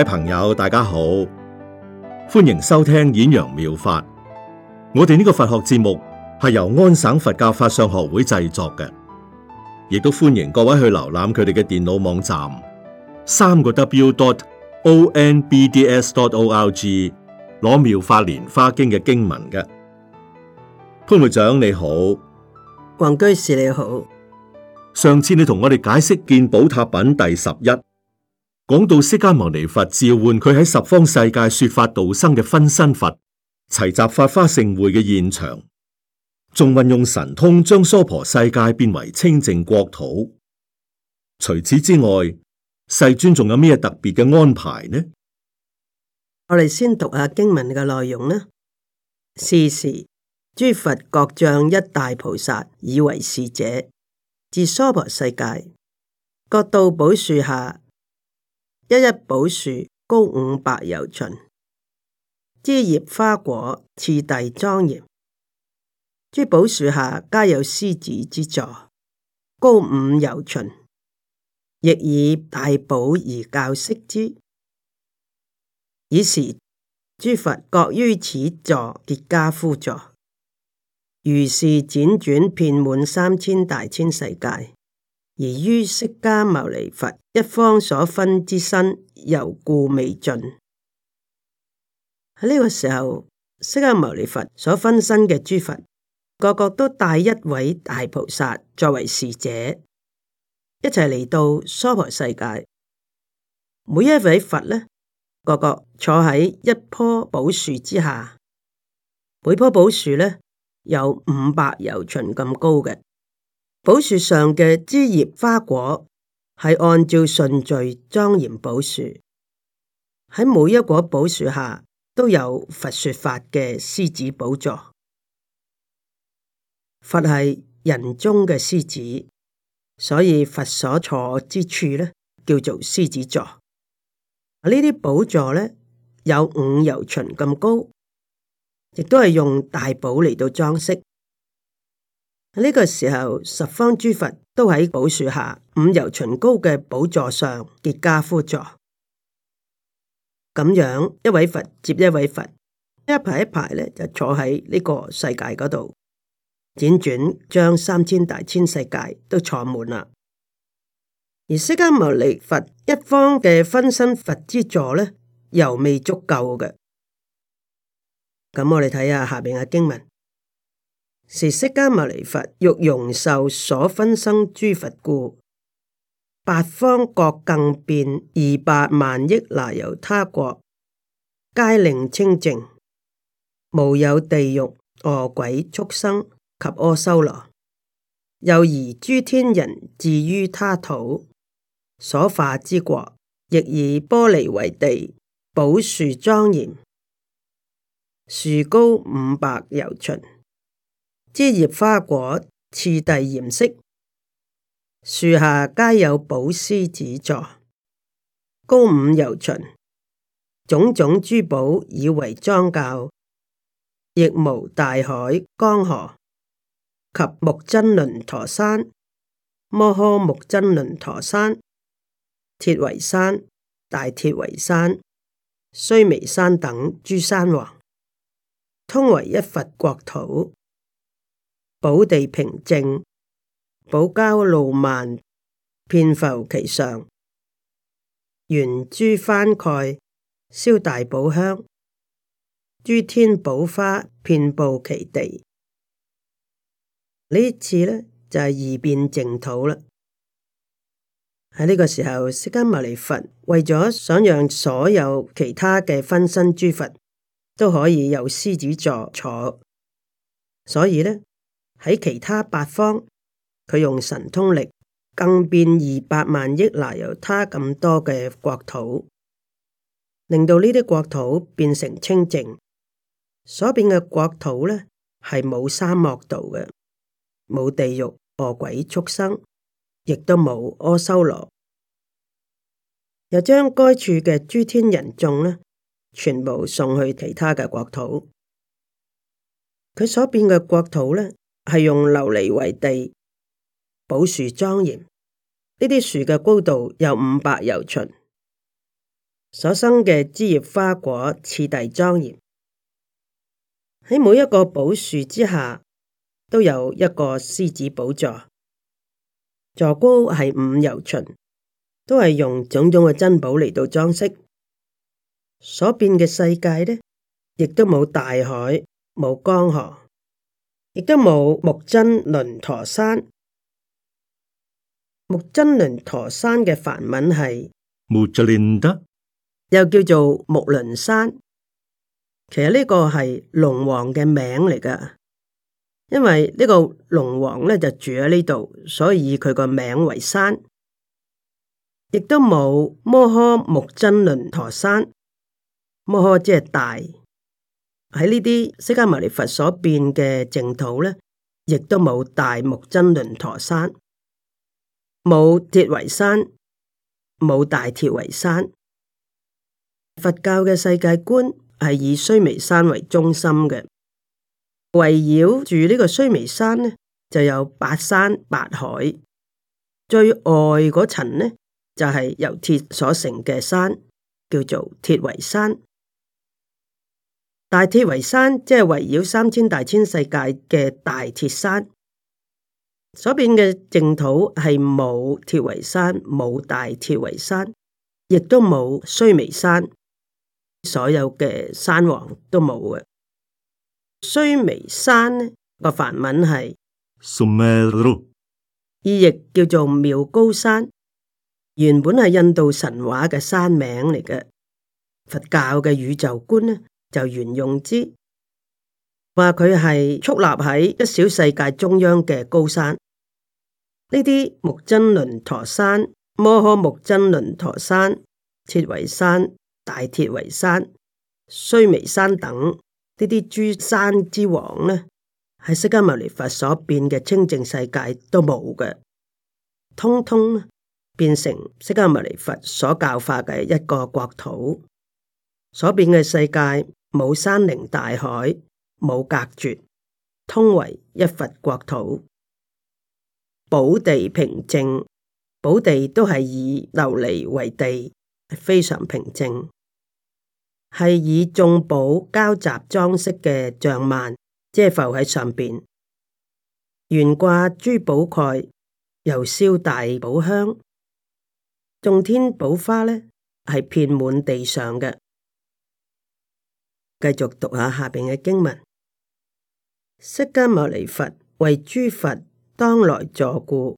各位朋友，大家好，歡迎收聽演揚妙,妙法。我哋呢個佛學節目係由安省佛教法相學會製作嘅，亦都歡迎各位去瀏覽佢哋嘅電腦網站，三個 W dot O N B D S dot O R G 攞妙法蓮華經嘅經文嘅。潘會長你好，黃居士你好，上次你同我哋解釋見寶塔品第十一。講到釋迦牟尼佛召喚佢喺十方世界說法度生嘅分身佛齊集法華盛會嘅現場，仲運用神通將娑婆世界變為清淨國土。除此之外，世尊仲有咩特別嘅安排呢？我哋先讀下經文嘅內容呢。是時，諸佛各將一大菩薩，以為是者，自娑婆世界各道寶樹下。一一寶樹高五百由旬，枝葉花果次第莊嚴。諸寶樹下皆有獅子之座，高五由旬，亦以大寶而校飾之。爾時，諸佛各於此座結加趺座，如是輾轉遍滿三千大千世界。而於釋迦牟尼佛一方所分之身，猶故未盡。喺呢個時候，釋迦牟尼佛所分身嘅諸佛，個個都帶一位大菩薩作為侍者，一齊嚟到娑婆世界。每一位佛呢，個個坐喺一棵寶樹之下，每棵寶樹呢，有五百由旬咁高嘅。寶樹上嘅枝葉、花果係按照順序莊嚴寶樹。喺每一棵寶樹下都有佛說法嘅獅子寶座。佛係人中嘅獅子，所以佛所坐之處呢，叫做獅子座。呢啲寶座呢，有五由旬咁高，亦都係用大寶嚟到裝飾。呢個時候，十方諸佛都喺寶樹下，五由旬高嘅寶座上結跏趺坐，咁樣一位佛接一位佛，一排一排呢就坐喺呢個世界嗰度，輾轉將三千大千世界都坐滿啦。而釋迦牟尼佛一方嘅分身佛之座呢，又未足夠嘅。咁我哋睇下下面嘅經文。是釋迦牟尼佛欲容受所分生諸佛故，八方各更變二百萬億那由他國，皆令清淨，無有地獄、餓鬼、畜生及阿修羅。又以諸天人置於他土所化之國，亦以玻璃為地，寶樹莊嚴，樹高五百由旬。枝葉花果次第顏色，樹下皆有寶獅子座。高五由旬，種種珠寶以為莊教，亦無大海江河及木真倫陀山、摩訶木真倫陀山、鐵圍山、大鐵圍山、須彌山等諸山王，通為一佛國土。寶地平正，寶交露幔，遍覆其上，懸諸幡蓋，燒大寶香，諸天寶花遍布其地。這次呢次咧就係二變淨土啦。喺呢個時候，釋迦牟尼佛為咗想讓所有其他嘅分身諸佛都可以有獅子座坐，所以呢。喺其他八方，佢用神通力更變二百萬億那由他咁多嘅國土，令到呢啲國土變成清淨。所變嘅國土咧，係冇沙漠道嘅，冇地獄、餓鬼、畜生，亦都冇阿修羅。又將該處嘅諸天人眾咧，全部送去其他嘅國土。佢所變嘅國土咧。係用琉璃為地，寶樹莊嚴，呢啲樹嘅高度有五百由旬，所生嘅枝葉花果次第莊嚴。喺每一個寶樹之下，都有一個獅子寶座，座高係五由旬，都係用種種嘅珍寶嚟到裝飾。所變嘅世界呢，亦都冇大海，冇江河。亦都冇目真鄰陀山，目真鄰陀山嘅梵文係目真鄰得，又叫做目鄰山。其實呢個係龍王嘅名嚟㗎，因為個龍呢個龍王咧就住喺呢度，所以以佢個名為山。亦都冇摩訶目真鄰陀山，摩訶即係大。喺呢啲釋迦牟尼佛所變嘅淨土咧，亦都冇大目真鄰陀山，冇鐵圍山，冇大鐵圍山。佛教嘅世界觀係以須彌山為中心嘅，圍繞住呢個須彌山呢，就有八山八海。最外嗰層呢，就係、是、由鐵所成嘅山，叫做鐵圍山。大鐵圍山即係圍繞三千大千世界嘅大鐵山，所變嘅淨土係冇鐵圍山，冇大鐵圍山，亦都冇須彌山，所有嘅山王都冇嘅。須彌山呢、這個梵文係，意譯、er、叫做妙高山，原本係印度神話嘅山名嚟嘅，佛教嘅宇宙觀呢，就沿用之，話佢係矗立喺一小世界中央嘅高山。呢啲目真鄰陀山、摩訶目真鄰陀山、鐵圍山、大鐵圍山、須彌山等呢啲諸山之王呢，喺釋迦牟尼佛所變嘅清淨世界都冇嘅，通通變成釋迦牟尼佛所教化嘅一個國土，所變嘅世界。冇山林大海，冇隔絕，通為一佛國土。寶地平靜，寶地都係以琉璃為地，非常平靜。係以眾寶交雜裝飾嘅像幔，即係浮喺上邊，懸掛珠寶蓋，又燒大寶香，眾天寶花呢，係遍滿地上嘅。繼續讀下下邊嘅經文：釋迦牟尼佛為諸佛當來坐故，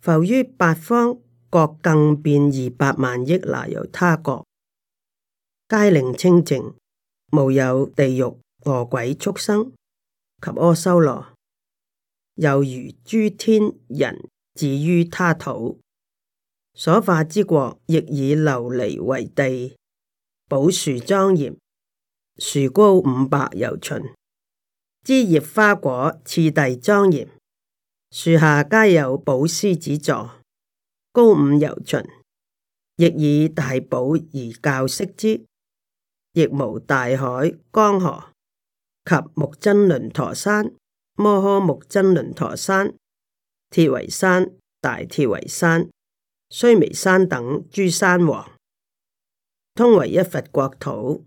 浮於八方各更變二百萬億那由他國，皆令清淨，無有地獄、餓鬼、畜生及阿修羅。又如諸天人置於他土，所化之國，亦以琉璃為地，寶樹莊嚴。樹高五百由旬，枝葉花果次第莊嚴。樹下皆有寶獅子座，高五由旬，亦以大寶而教飾之。亦無大海江河及木真崙陀山、摩訶木真崙陀山、鐵圍山、大鐵圍山、須彌山等諸山王，通為一佛國土。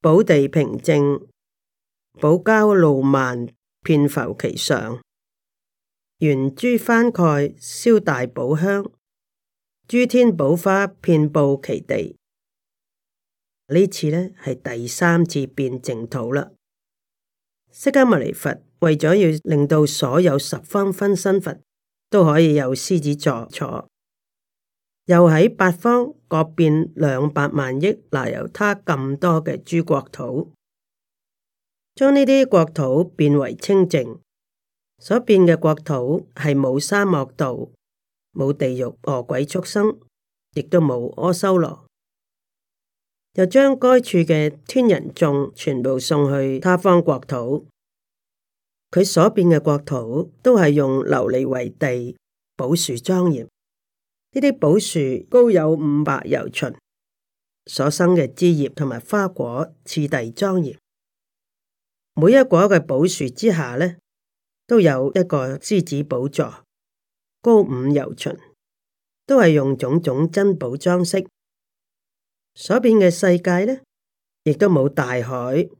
寶地平正，寶交露幔，遍覆其上，圓珠翻蓋，燒大寶香，諸天寶花遍布其地。這次呢次咧係第三次變淨土啦。釋迦牟尼佛為咗要令到所有十方分，分身佛都可以有獅子座坐，坐。又喺八方各變兩百萬億那由他咁多嘅諸國土，將呢啲國土變為清淨，所變嘅國土係冇沙漠道，冇地獄餓鬼畜生，亦都冇阿修羅。又將該處嘅天人眾全部送去他方國土，佢所變嘅國土都係用琉璃為地，寶樹莊嚴。呢啲寶樹高有五百由旬，所生嘅枝葉同埋花果次第莊嚴。每一果嘅寶樹之下呢，都有一個獅子寶座，高五由旬，都係用種種珍寶裝飾。所變嘅世界呢，亦都冇大海，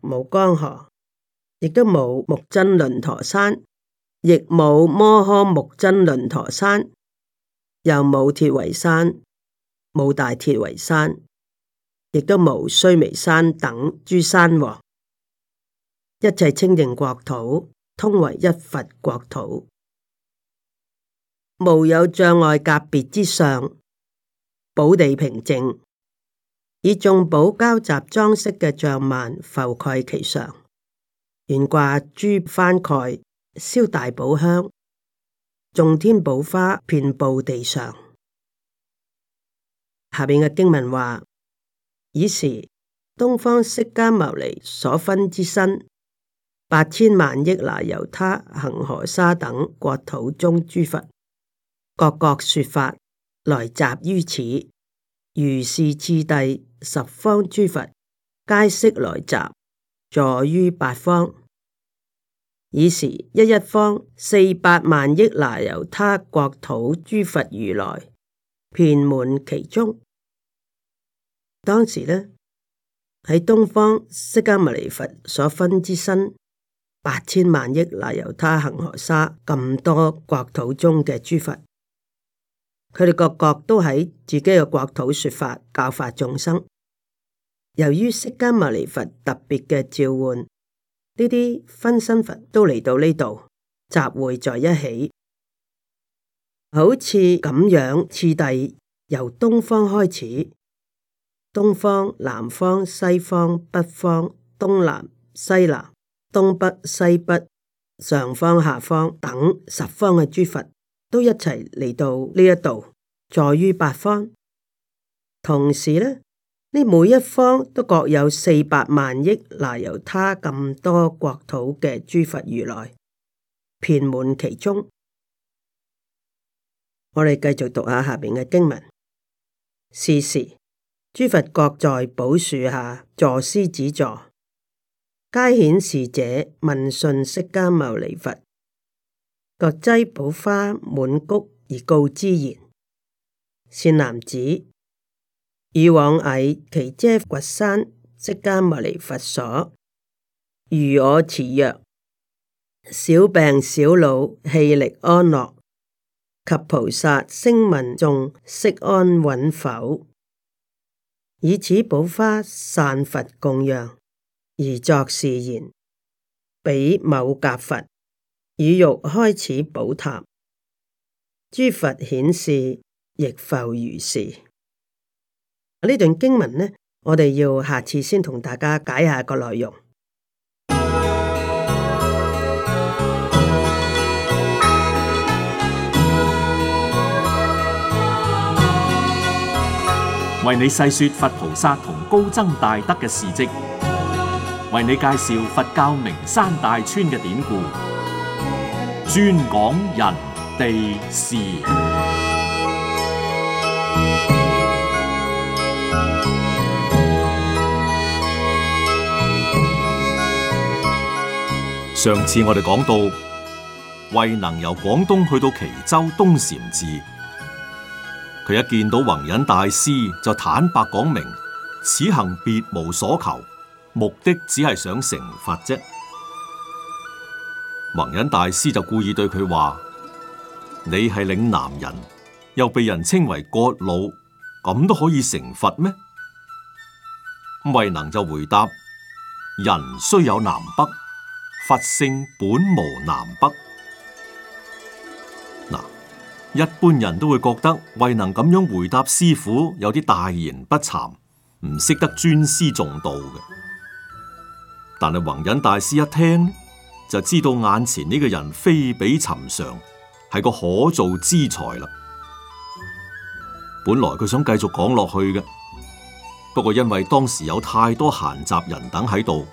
冇江河，亦都冇目真鄰陀山，亦冇摩訶目真鄰陀山。又無鐵圍山，無大鐵圍山，亦都無須彌山等諸山王，王一切清淨國土，通為一佛國土，無有障礙隔別之相，寶地平靜，以眾寶交集裝飾嘅帳幔浮蓋其上，懸掛諸幡蓋，燒大寶香。眾天寶花遍布地上，下面嘅經文話：爾時，東方釋迦牟尼所分之身八千萬億那由他恒河沙等國土中諸佛，各各說法來集於此，如是次第，十方諸佛皆悉來集，坐於八方。以時一一方四百萬億那由他國土諸佛如來遍滿其中。當時呢，喺東方釋迦牟尼佛所分之身八千萬億那由他恒河沙咁多國土中嘅諸佛，佢哋各各都喺自己嘅國土說法教化眾生。由於釋迦牟尼佛特別嘅召喚。呢啲分身佛都嚟到呢度，集會在一起，好似咁樣，次第由東方開始，東方、南方、西方、北方、東南、西南、東北、西北、上方、下方等十方嘅諸佛都一齊嚟到呢一度，在於八方，同時呢。呢，每一方都各有四百萬億那由他咁多國土嘅諸佛如來，遍滿其中。我哋繼續讀下下面嘅經文。是時，諸佛各在寶樹下坐獅子座，皆遣侍者問訊釋迦牟尼佛，各齎寶花滿掬而告之言：善男子。以往耆闍崛山釋迦牟尼佛所，如我辭曰，少病少惱，氣力安樂，及菩薩聲聞眾，悉安穩否？以此寶花散佛供養，而作是言，彼某甲佛與欲開此寶塔，諸佛遣使亦復如是。呢段經文呢，我哋要下次先同大家解下個內容。為你細說佛菩薩同高僧大德嘅事跡，為你介紹佛教名山大川嘅典故，專講人地事。上次我哋講到，慧能由廣東去到岐州東禪寺，佢一見到弘忍大師就坦白講明，此行別無所求，目的只係想成佛啫。弘忍大師就故意對佢話：「你係嶺南人，又被人稱為國老，咁都可以成佛咩？慧能就回答：「人雖有南北。佛性本無南北。嗱，一般人都會覺得慧能咁樣回答師傅，有啲大言不慚，唔識得尊師重道嘅。但係弘忍大師一聽，就知道眼前呢個人非比尋常，係個可造之才啦。本來佢想繼續講落去嘅，不過因為當時有太多閒雜人等喺度。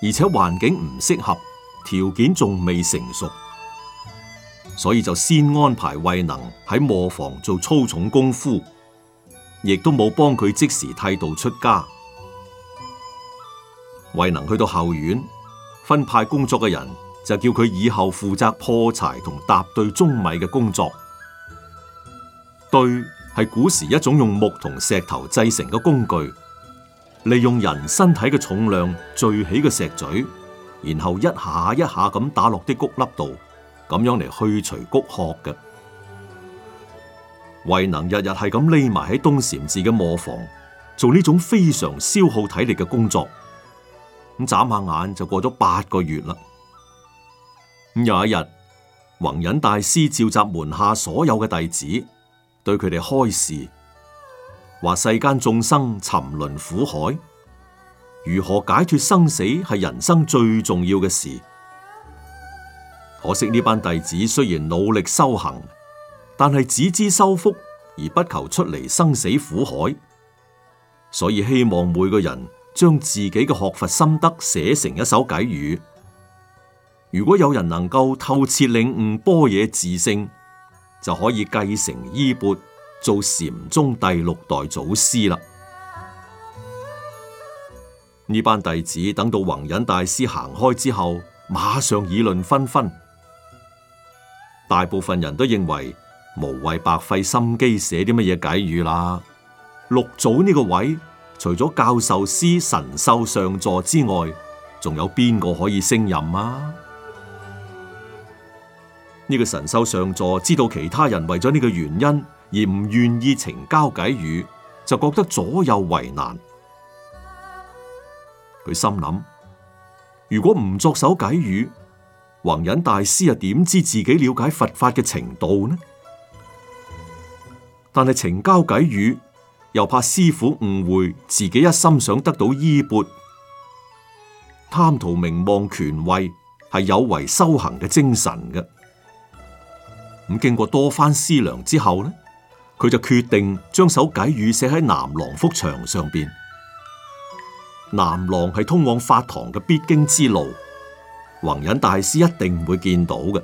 而且環境唔適合，條件仲未成熟，所以就先安排慧能喺磨房做粗重功夫，亦都冇幫佢即時剃度出家。慧能去到後院，分派工作嘅人就叫佢以後負責破柴同踏碓舂米嘅工作。碓，係古時一種用木同石頭製成嘅工具。利用人身體嘅重量聚起嘅石嘴，然後一下一下咁打落啲穀粒度，咁樣嚟去除穀殼嘅。慧能日日係咁匿埋喺東禪寺嘅磨房做呢種非常消耗體力嘅工作，咁眨下眼就過咗八個月啦。有一日，弘忍大師召集門下所有嘅弟子，對佢哋開示。話世間眾生沉淪苦海，如何解脱生死係人生最重要嘅事。可惜呢班弟子雖然努力修行，但係只知修福，而不求出離生死苦海。所以希望每個人將自己嘅學佛心得寫成一首偈語。如果有人能夠透徹領悟般若自性，就可以繼承衣鉢。做禪宗第六代祖師啦！呢班弟子等到弘忍大師行開之後，馬上議論紛紛。大部分人都認為無謂白費心機寫啲乜嘢偈語啦。六祖呢個位除咗教授師神秀上座之外，仲有邊個可以升任啊？呢、這個神秀上座知道其他人為咗呢個原因。而唔願意呈交偈語，就覺得左右為難。佢心諗：如果唔作首偈語，弘忍大師又點知自己了解佛法嘅程度呢？但係呈交偈語，又怕師父誤會自己一心想得到衣鉢，貪圖名望權位，係有違修行嘅精神嘅。咁經過多番思量之後呢，佢就決定將首偈語寫喺南廊幅牆上邊。南廊係通往法堂嘅必經之路，弘忍大師一定唔會見到嘅。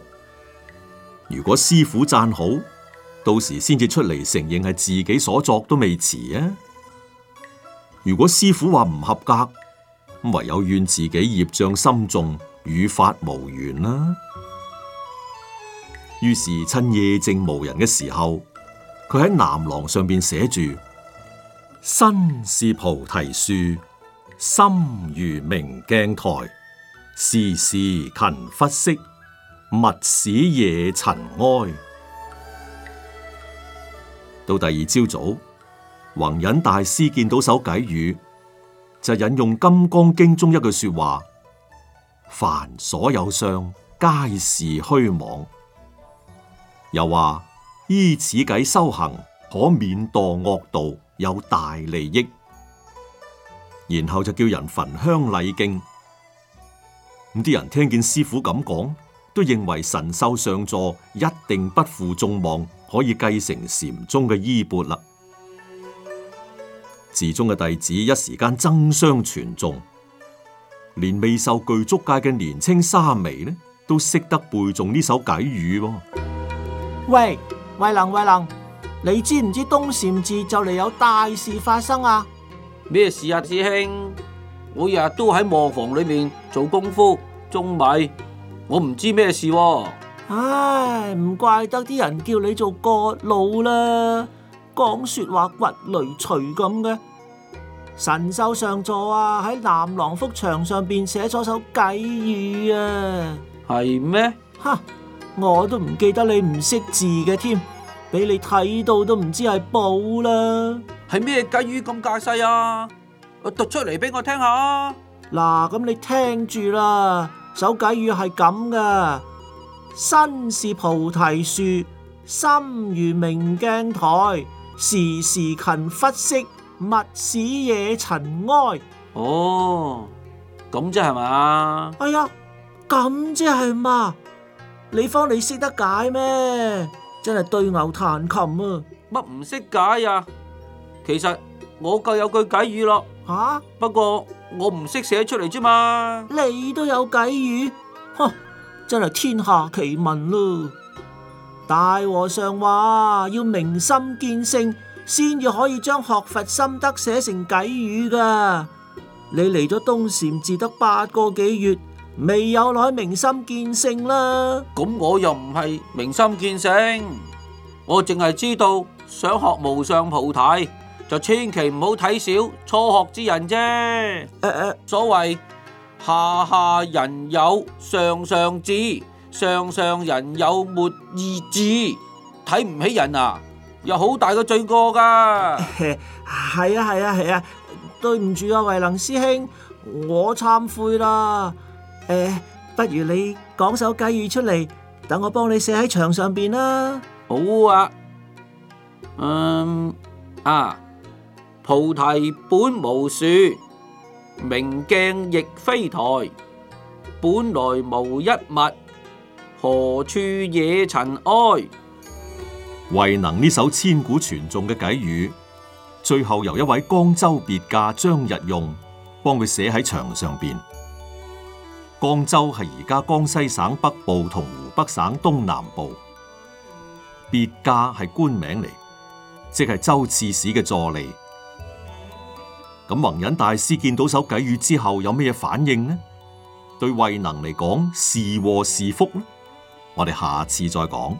如果師父讚好，到時先至出嚟承認係自己所作都未遲啊。如果師父話唔合格，咁唯有怨自己業障深重，與法無緣啦，啊。於是趁夜靜無人嘅時候。佢喺南廊上邊寫住：身是菩提樹，心如明鏡台，時時勤拂拭，勿使惹塵埃。到第二朝早，早，弘忍大師見到首偈語，就引用《金剛經》中一句說話：凡所有相，皆是虛妄。又話。依此偈修行，可免墮惡道，有大利益。然後就叫人焚香禮敬。咁啲人聽見師父咁講，都認為神秀上座一定不負眾望，可以繼承禪宗嘅衣缽啦。寺中嘅弟子一時間爭相傳誦，連未受具足戒嘅年青沙彌呢，都識得背誦呢首偈語。喂！慧能，慧能，你知唔知東禪寺就嚟有大事發生啊？咩事啊，師兄？我日日都喺磨房裏面做功夫，舂米，我唔知咩事啊。唉，唔怪得啲人叫你做獦獠啦，講說話掘雷錘咁嘅。神秀上座啊，喺南廊幅牆上邊寫咗首偈語啊。係咩？吓！我都唔記得你唔識字嘅添，俾你睇到都唔知係寶啦。係咩偈語咁架勢啊？讀出嚟，俾我聽下。嗱，咁你聽住啦。首偈語係咁噶，身是菩提樹，心如明鏡台，時時勤拂拭，勿使惹塵埃。哦，咁即係嘛？哎呀，咁即係嘛？你方你識得解咩？真係對牛彈琴啊！乜唔識解啊？其實我夠有句偈語啦、啊，吓、啊！不過我唔識寫出嚟啫嘛。你都有偈語，哼！真係天下奇聞咯！大和尚話要明心見性，先至可以將學佛心得寫成偈語噶。你嚟咗東禪至得八個幾月？未有耐明心見性啦，咁我又唔係明心見性，我淨係知道想學無上菩提就千祈唔好睇小初學之人啫。呃呃、所謂下下人有上上智，上上人有沒意智」，睇唔起人啊，有好大個罪過噶。係 啊係啊係啊，啊，對唔住啊，慧能師兄，我懺悔啦。誒、欸，不如你講首偈語出嚟，等我幫你寫喺牆上邊啦。好啊，嗯啊，菩提本無樹，明鏡亦非臺，本來無一物，何處惹塵埃？慧能呢首千古傳頌嘅偈語，最後由一位江州別駕張日用幫佢寫喺牆上邊。江州係而家江西省北部同湖北省東南部，別駕係官名嚟，即係州刺史嘅助理。咁弘忍大師見到首偈語之後有咩反應呢？對慧能嚟講是禍是福呢？我哋下次再講。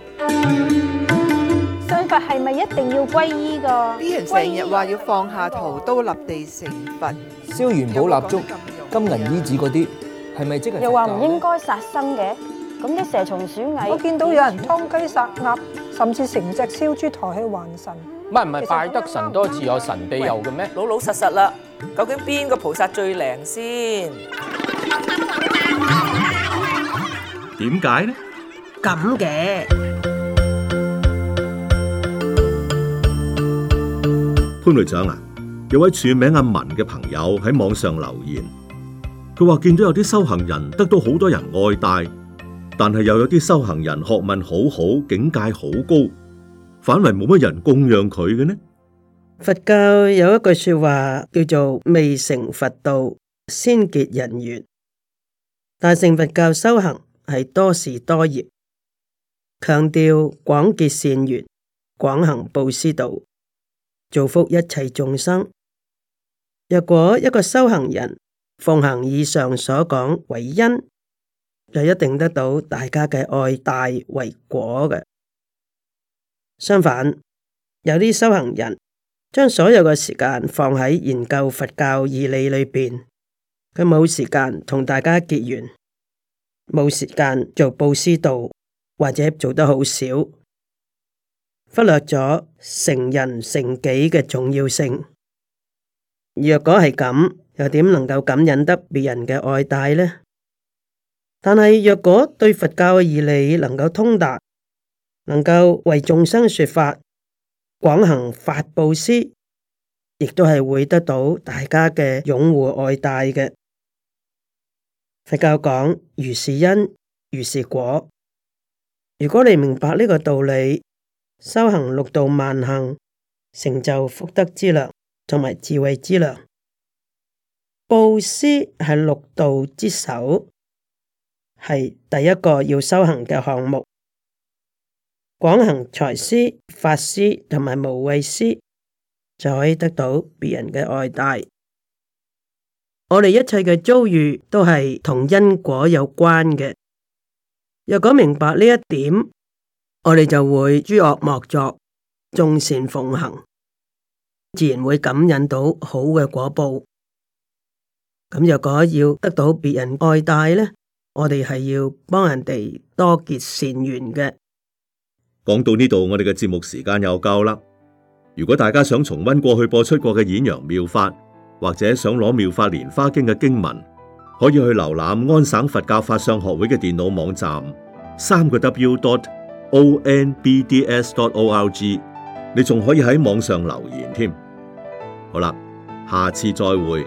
信佛係咪一定要皈依噶？呢啲人成日話要放下屠刀立地成佛，燒元寶蠟燭、金銀衣紙嗰啲。係咪即係？又話唔應該殺生嘅，咁啲蛇蟲鼠蟻，我見到有人劏雞殺鴨，甚至成隻燒豬抬去還神。唔係唔係，拜得神多自有神庇佑嘅咩？老老實實啦，究竟邊個菩薩最靈先？點解呢？咁嘅潘隊長啊，有位署名阿文嘅朋友喺網上留言。佢話見到有啲修行人得到好多人愛戴，但係又有啲修行人學問好好、境界好高，反為冇乜人供養佢嘅呢？佛教有一句說話叫做未成佛道，先結人緣。大乘佛教修行係多事多業，強調廣結善緣、廣行布施道，造福一切眾生。若果一個修行人，奉行以上所講為因，就一定得到大家嘅愛戴為果嘅。相反，有啲修行人將所有嘅時間放喺研究佛教義理裏邊，佢冇時間同大家結緣，冇時間做布施道，或者做得好少，忽略咗成人成己嘅重要性。若果係咁，又點能夠感染得別人嘅愛戴呢？但係若果對佛教嘅義理能夠通達，能夠為眾生說法，廣行法布施，亦都係會得到大家嘅擁護愛戴嘅。佛教講如是因如是果，如果你明白呢個道理，修行六度萬行，成就福德之量同埋智慧之量。布施係六度之首，係第一個要修行嘅項目。廣行財施、法施同埋無畏施，就可以得到別人嘅愛戴。我哋一切嘅遭遇都係同因果有關嘅。若果明白呢一點，我哋就會諸惡莫作，眾善奉行，自然會感應到好嘅果報。咁如果要得到別人愛戴咧，我哋係要幫人哋多結善緣嘅。講到呢度，我哋嘅節目時間又夠啦。如果大家想重溫過去播出過嘅《演揚妙法》，或者想攞《妙法蓮華經》嘅經文，可以去瀏覽安省佛教法相學會嘅電腦網站，三個 W dot O N B D S dot O R G。你仲可以喺網上留言添。好啦，下次再會。